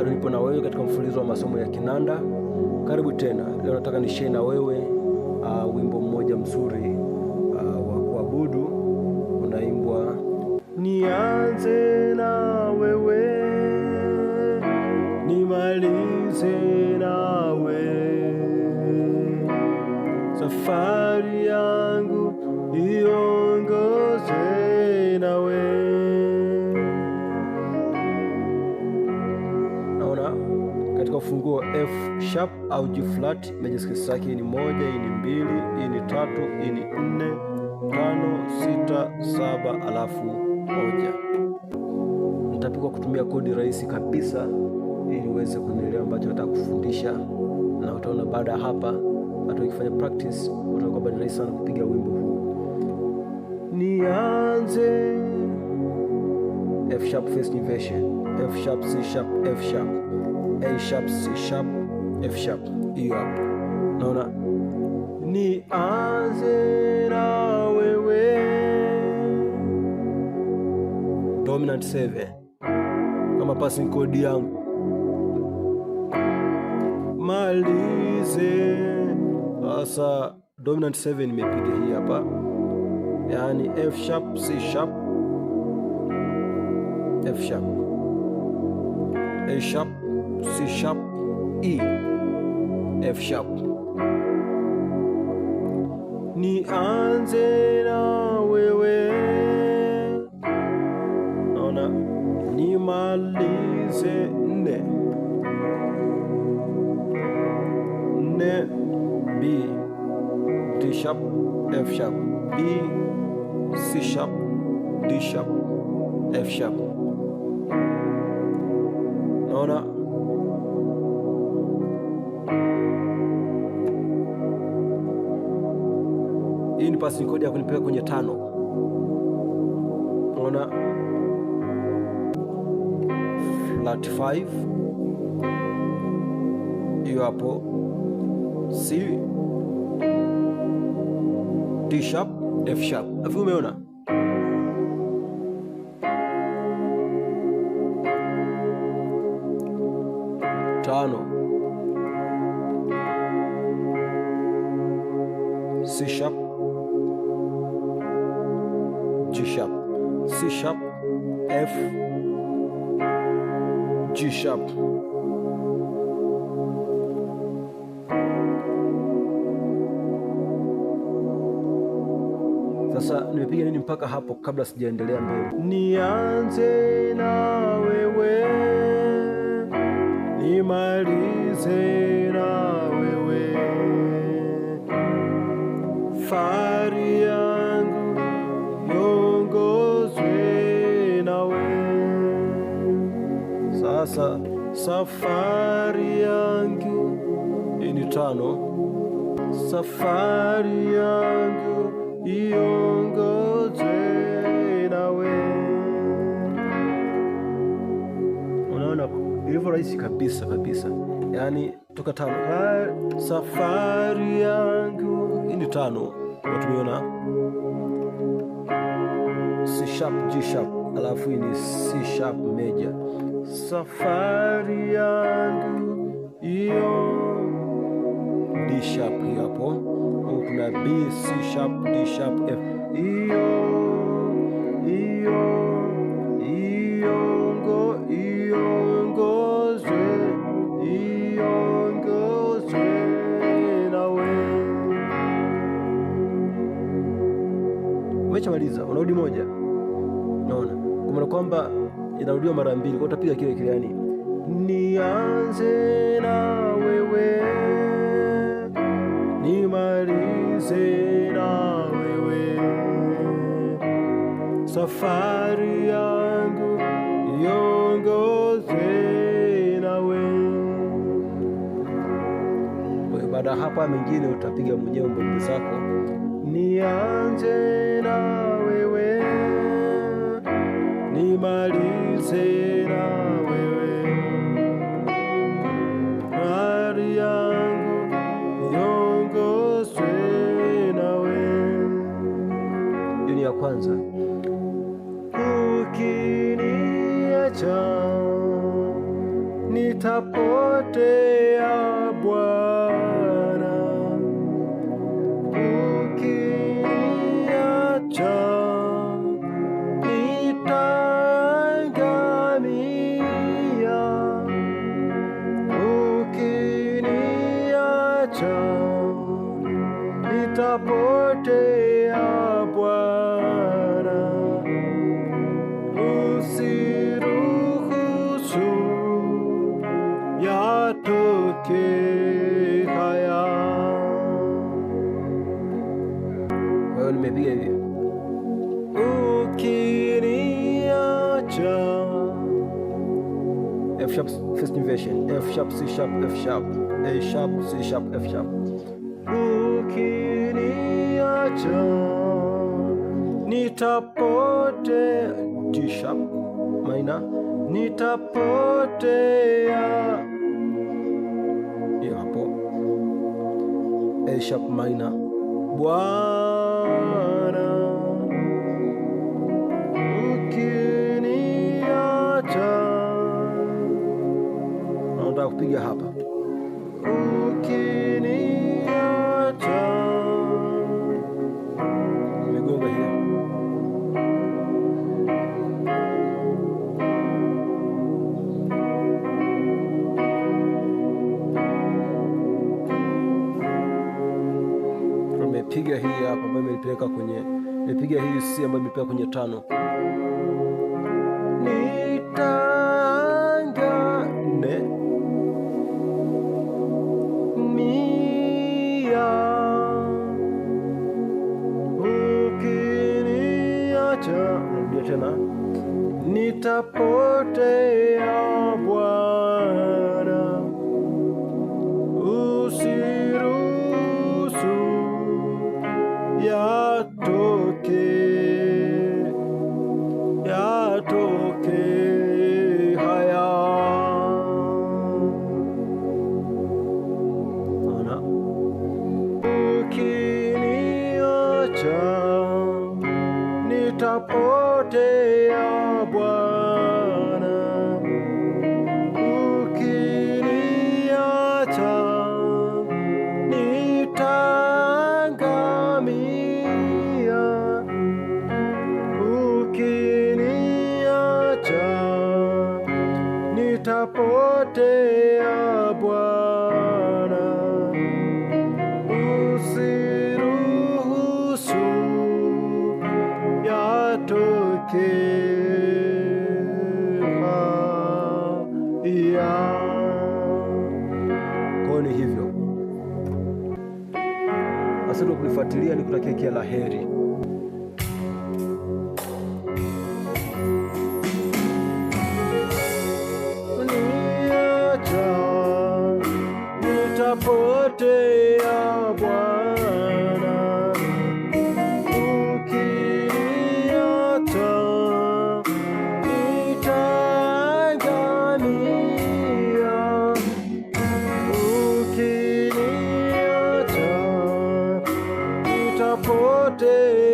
bado nipo na wewe katika mfululizo wa masomo ya kinanda. Karibu tena. Leo nataka share na wewe uh, wimbo mmoja mzuri uh, wa kuabudu unaimbwa, nianze na wewe nimalize na wewe safari ya mfunguo F sharp au G flat. Major zake ni moja, hii ni mbili, hii ni tatu, hii ni nne, tano, sita, saba alafu moja. Nitapiga kutumia kodi rahisi kabisa ili uweze kunielewa ambacho nataka kufundisha, na utaona baada ya hapa hata ukifanya practice utakuwa bado ni rahisi sana kupiga wimbo huu. Nianze F sharp first inversion, F sharp C sharp, F sharp A sharp, C sharp, F sharp, hiyo e hapo. Ni anze na wewe dominant 7 kama passing code yangu, malize Asa Dominant 7 imepiga hii hapa, yaani F sharp, C sharp, F sharp, A sharp C sharp, E, F sharp. Nianze na wewe, ona nimalize nne nne, B, D sharp, F sharp, B, C sharp, D sharp, F sharp. Naona Hii ni passing code ya kunipeleka kwenye tano. Unaona flat 5 hiyo hapo C D sharp F sharp. Afu umeona? G sharp, C sharp, F, G sharp. Sasa nimepiga nini mpaka hapo kabla sijaendelea mbele? Nianze sasa safari yangu ini ni tano safari yangu iongoze nawe unaona ilivyo rahisi kabisa kabisa yaani toka tano safari yangu ini ni tano natumiona C sharp G sharp alafu ini ni C sharp major safari yangu iyo D sharp hii hapo, kuna B, C sharp, D sharp, F iyo iyo iyongo iyongozwe iyongozwe nawe. Umeshamaliza, unarudi moja, naona kumana kwamba inarudiwa mara mbili, kwa utapiga kile kile, yani nianze na wewe nimalize na wewe safari yangu iongoze na wewe. Baada hapa mengine utapiga mwenyewe mbongo zako nianze na nimalize na porte a Bwana usiruhusu yatoke haya. Wewe nimepiga hivi cha F sharp first inversion F sharp C sharp F sharp A sharp C sharp F sharp macho nitapotea, G sharp minor nitapotea, hiyo hapo A sharp minor Bwana ukiniacha, naonda kupiga hapa nilipiga hii hapa ambayo imenipeleka kwenye, nilipiga hii C ambayo imenipeleka kwenye tano. Nitanga nne mia ukiniacha, rudia tena, nitapotea yatoke yatoke haya ana ukiniacha nitapotea Bwana nitapotea Bwana, usiruhusu yatoke ya koni hivyo, asante kwa kunifuatilia, nikutakia kila la heri. nitapotea Bwana, ukiniacha nitaangalia, ukiniacha nitapotea